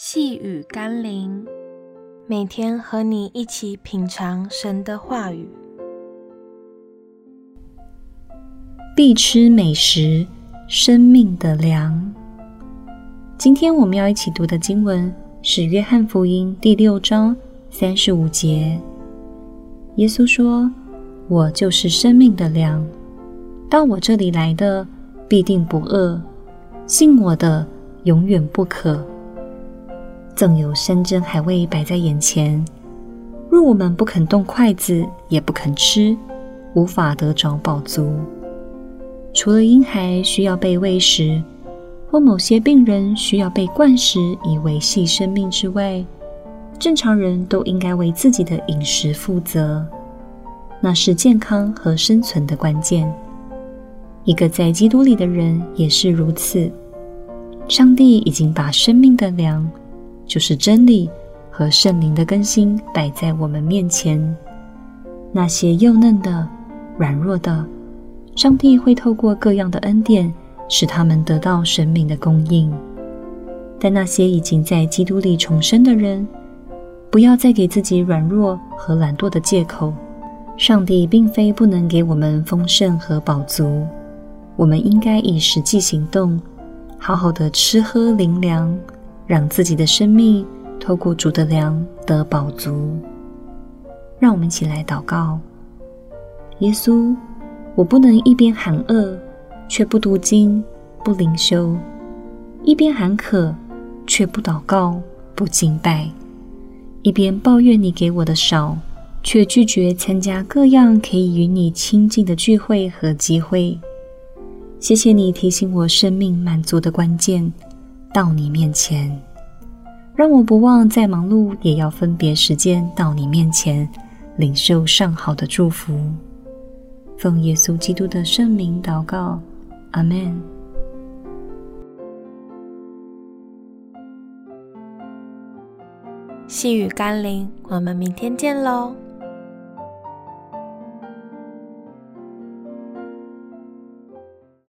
細語甘霖，每天和你一起品嘗神的話語。必吃美食，生命的糧。今天我們要一起讀的經文是《約翰福音》第六章三十五節。耶穌說：“我就是生命的糧。到我這裡來的必定不餓，信我的永遠不渴。”縱有山珍海味擺在眼前，若我們不肯動筷子，也不肯吃，無法得着飽足。除了嬰孩需要被餵食，或某些病人需要被灌食以維繫生命之外，正常人都應該為自己的飲食負責，那是健康和生存的關鍵。一個在基督裡的人也是如此。上帝已經把生命的糧。就是真理和聖靈的更新擺在我們面前。那些幼嫩的、軟弱的，上帝會透過各樣的恩典使他們得到生命的供應。但那些已經在基督裡重生的人，不要再給自己軟弱和懶惰的借口。上帝並非不能給我們豐盛和飽足。我們應該以實際行動，好好的吃喝靈糧。讓自己的生命透過主的糧得飽足。讓我們一起來禱告：耶穌，我不能一邊喊餓卻不讀經不靈修，一邊喊渴卻不禱告不敬拜，一邊抱怨你給我的少，卻拒絕參加各樣可以與你親近的聚會和機會。謝謝你提醒我生命滿足的關鍵。到你面前，讓我不忘再忙碌也要分別時間到你面前，領受上好的祝福。奉耶穌基督的聖名禱告，阿門。細語甘霖，我們明天見嘍。